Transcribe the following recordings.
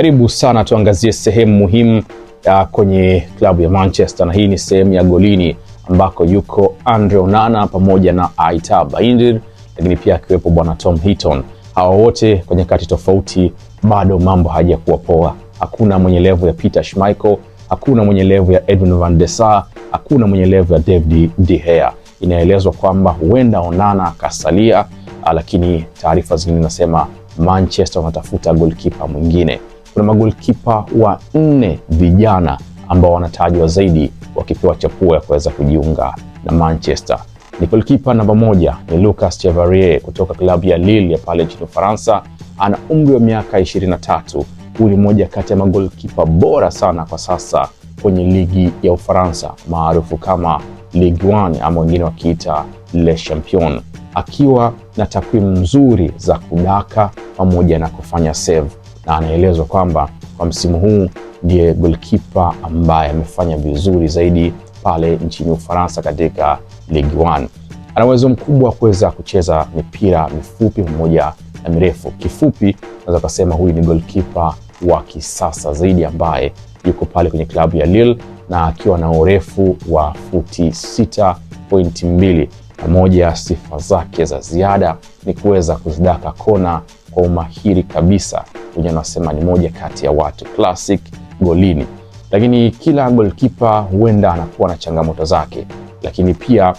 Karibu sana, tuangazie sehemu muhimu ya kwenye klabu ya Manchester, na hii ni sehemu ya golini ambako yuko Andre Onana pamoja na Aita Bindir, lakini pia akiwepo bwana Tom Heaton. Hawa wote kwa nyakati tofauti, bado mambo hajakuwa poa. Hakuna mwenye levu ya Peter Schmeichel, hakuna mwenye levu ya Edwin van der Sar, hakuna mwenye levu ya David de Gea. Inaelezwa kwamba huenda Onana akasalia, lakini taarifa zingine zinasema Manchester wanatafuta golkipa mwingine kuna magolkipa wa nne vijana ambao wanatajwa zaidi wakipewa chapuo ya kuweza kujiunga na Manchester. Ni golkipa namba moja ni Lucas Chevalier kutoka klabu ya Lille ya pale nchini Ufaransa, ana umri wa miaka 23. Huyu ni mmoja kati ya magolkipa bora sana kwa sasa kwenye ligi ya Ufaransa maarufu kama Ligue 1 ama wengine wakiita Le Champion, akiwa na takwimu nzuri za kudaka pamoja na kufanya save na anaelezwa kwamba kwa msimu huu ndiye golkipa ambaye amefanya vizuri zaidi pale nchini Ufaransa katika Ligue 1. Ana uwezo mkubwa wa kuweza kucheza mipira mifupi pamoja na mirefu. Kifupi, naweza kusema huyu ni golkipa wa kisasa zaidi ambaye yuko pale kwenye klabu ya Lille na akiwa na urefu wa futi 6.2 na moja sifa zake za ziada ni kuweza kuzidaka kona kwa umahiri kabisa, wenyewe wanasema ni moja kati ya watu classic golini. Lakini kila golkipa huenda anakuwa na changamoto zake, lakini pia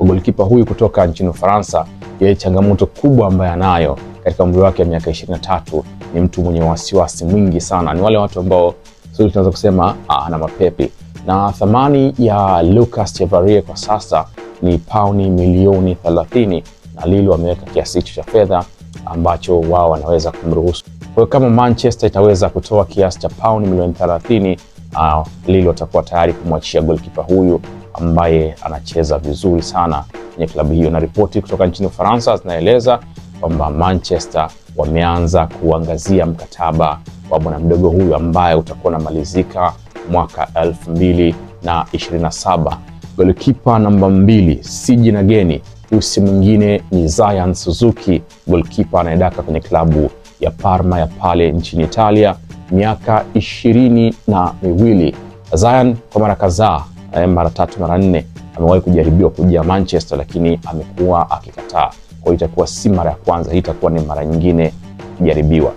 golkipa huyu kutoka nchini Ufaransa, yeye changamoto kubwa ambayo anayo katika umri wake wa miaka 23 ni mtu mwenye wasiwasi mwingi sana, ni wale watu ambao tunaweza kusema ah, ana mapepe na thamani ya Lucas Chevalier kwa sasa ni pauni milioni 30 na Lille wameweka kiasi hicho cha fedha ambacho wao wanaweza kumruhusu. Kwa hiyo kama Manchester itaweza kutoa kiasi cha pauni milioni 30, uh, ah, Lille watakuwa tayari kumwachia golkipa huyu ambaye anacheza vizuri sana kwenye klabu hiyo. Na ripoti kutoka nchini Ufaransa zinaeleza kwamba Manchester wameanza kuangazia mkataba wa bwana mdogo huyu ambaye utakuwa unamalizika mwaka 2027. Golikipa namba mbili si jina geni usi mwingine ni Ryan Suzuki, golkipa anayedaka kwenye klabu ya Parma ya pale nchini Italia, miaka ishirini na miwili. Ryan kwa mara kadhaa, eh, mara tatu mara nne, amewahi kujaribiwa kuja Manchester, lakini amekuwa akikataa. Kwa hiyo itakuwa si mara ya kwanza, hii itakuwa ni mara nyingine kujaribiwa.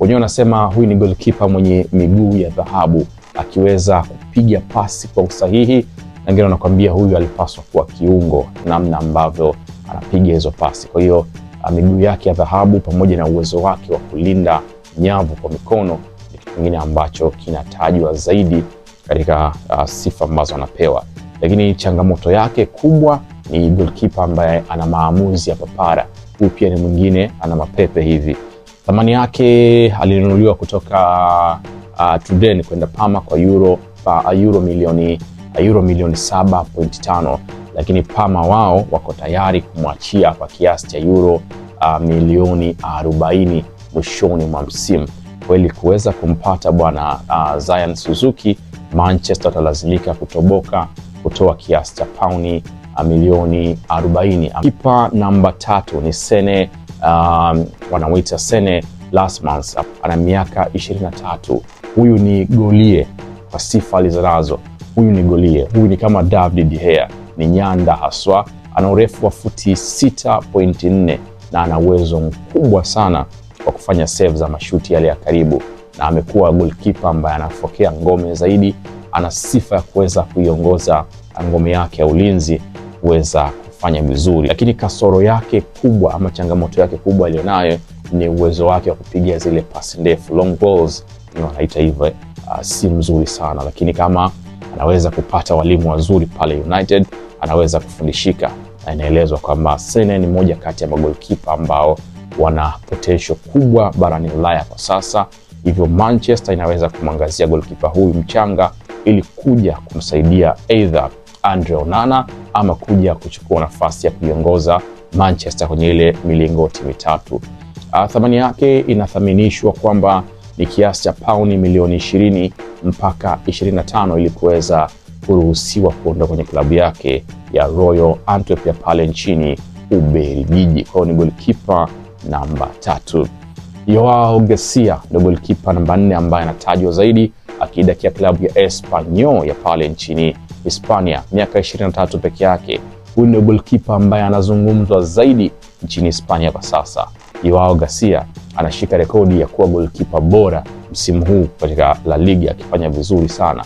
Wenyewe wanasema huyu ni golkipa mwenye miguu ya dhahabu, akiweza kupiga pasi kwa usahihi na wengine wanakuambia huyu alipaswa kuwa kiungo, namna ambavyo anapiga hizo pasi. Kwa hiyo ah, miguu yake ya dhahabu pamoja na uwezo wake wa kulinda nyavu kwa mikono ni kitu kingine ambacho kinatajwa zaidi katika uh, sifa ambazo anapewa, lakini changamoto yake kubwa ni golkipa ambaye ana maamuzi ya papara. Huyu pia ni mwingine, ana mapepe hivi. Thamani yake alinunuliwa kutoka uh, ah, Truden kwenda Parma kwa euro, uh, euro milioni euro milioni 7.5, lakini Parma wao wako tayari kumwachia kwa kiasi cha euro uh, milioni 40 mwishoni mwa msimu. Kweli kuweza kumpata bwana uh, Zion Suzuki, Manchester watalazimika kutoboka kutoa kiasi cha pauni ah, milioni 40. Kipa namba tatu ni Sene um, wanamwita Sene Lasmans, ana miaka 23. Huyu ni golie kwa sifa alizonazo huyu ni Golie, huyu ni kama David de Gea, ni nyanda haswa, ana urefu wa futi 6.4 na ana uwezo mkubwa sana wa kufanya save za mashuti yale ya karibu, na amekuwa goalkeeper ambaye anafokea ngome zaidi. Ana sifa ya kuweza kuiongoza ngome yake ya ulinzi kuweza kufanya vizuri, lakini kasoro yake kubwa ama changamoto yake kubwa aliyonayo ni uwezo wake wa kupiga zile pasi ndefu, long balls, wanaita hivyo, eh, si mzuri sana, lakini kama anaweza kupata walimu wazuri pale United, anaweza kufundishika, na inaelezwa kwamba Sene ni moja kati ya magolikipa ambao wana potential kubwa barani Ulaya kwa sasa, hivyo Manchester inaweza kumwangazia golikipa huyu mchanga ili kuja kumsaidia either Andre Onana ama kuja kuchukua nafasi ya kuiongoza Manchester kwenye ile milingoti mitatu. Ah, thamani yake inathaminishwa kwamba ni kiasi cha pauni milioni mpaka 25 ili kuweza kuruhusiwa kuondoka kwenye klabu yake ya Royal Antwerp ya pale nchini Ubelgiji. Kwa hiyo ni goalkeeper namba tatu. Joao Garcia ndio goalkeeper namba nne ambaye anatajwa zaidi akidakia klabu ya Espanyol ya pale nchini Hispania, miaka 23 peke yake. Huyu ndio goalkeeper ambaye anazungumzwa zaidi nchini Hispania kwa sasa. Joao Garcia anashika rekodi ya kuwa goalkeeper bora msimu huu katika La Liga akifanya vizuri sana.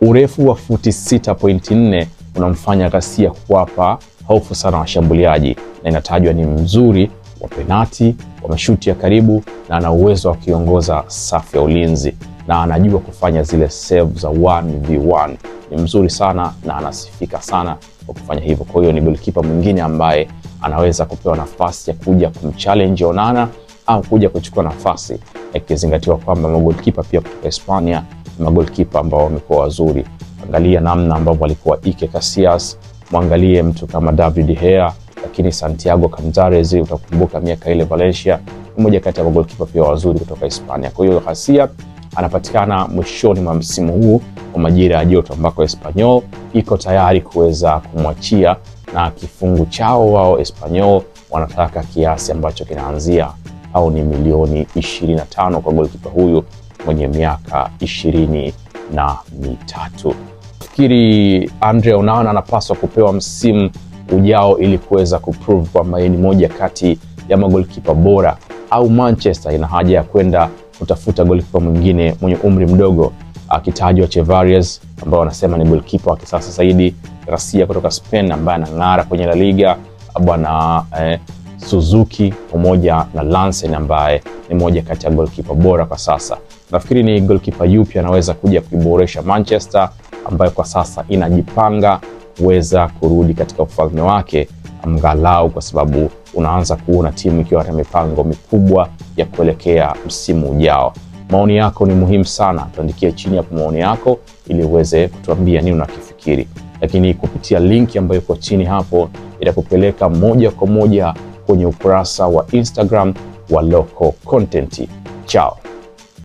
Urefu wa futi 6.4 unamfanya ghasia kuwapa hofu sana washambuliaji, na inatajwa ni mzuri wa penati, wa mashuti ya karibu, na ana uwezo wa kiongoza safu ya ulinzi na anajua kufanya zile save za 1v1. Ni mzuri sana na anasifika sana kwa kufanya hivyo. Kwa hiyo ni golikipa mwingine ambaye anaweza kupewa nafasi ya kuja kumchallenge Onana au kuja kuchukua nafasi, ikizingatiwa kwamba magolikipa pia kutoka Hispania ni magolikipa ambao wamekuwa wazuri. Angalia namna ambavyo alikuwa Iker Casillas, mwangalie mtu kama David De Gea, lakini Santiago Cantarazi, utakumbuka miaka ile Valencia, mmoja kati ya magolikipa pia wazuri kutoka Hispania. Kwa hiyo Casillas anapatikana mwishoni mwa msimu huu wa majira ya joto, ambako Espanyol iko tayari kuweza kumwachia na kifungu chao wao Espanyol wanataka kiasi ambacho kinaanzia au ni milioni 25 kwa golikipa huyu mwenye miaka ishirini na mitatu. Fikiri Andre Onana anapaswa kupewa msimu ujao ili kuweza kuprove kwamba yeye ni moja kati ya magolikipa bora, au Manchester ina haja ya kwenda kutafuta golikipa mwingine mwenye umri mdogo akitajwa Chevarius ambao wanasema ni goalkeeper wa kisasa zaidi, Gracia kutoka Spain ambaye anang'ara kwenye La Liga, bwana eh, Suzuki pamoja na Lansen ambaye ni moja kati ya goalkeeper bora kwa sasa. Nafikiri ni goalkeeper yupi anaweza kuja kuiboresha Manchester ambayo kwa sasa inajipanga kuweza kurudi katika ufalme wake mgalau, kwa sababu unaanza kuona timu ikiwa na mipango mikubwa ya kuelekea msimu ujao. Maoni yako ni muhimu sana, tuandikie chini hapo maoni yako ili uweze kutuambia nini unakifikiri, lakini kupitia linki ambayo iko chini hapo itakupeleka moja kwa moja kwenye ukurasa wa Instagram wa Loco Content. Chao.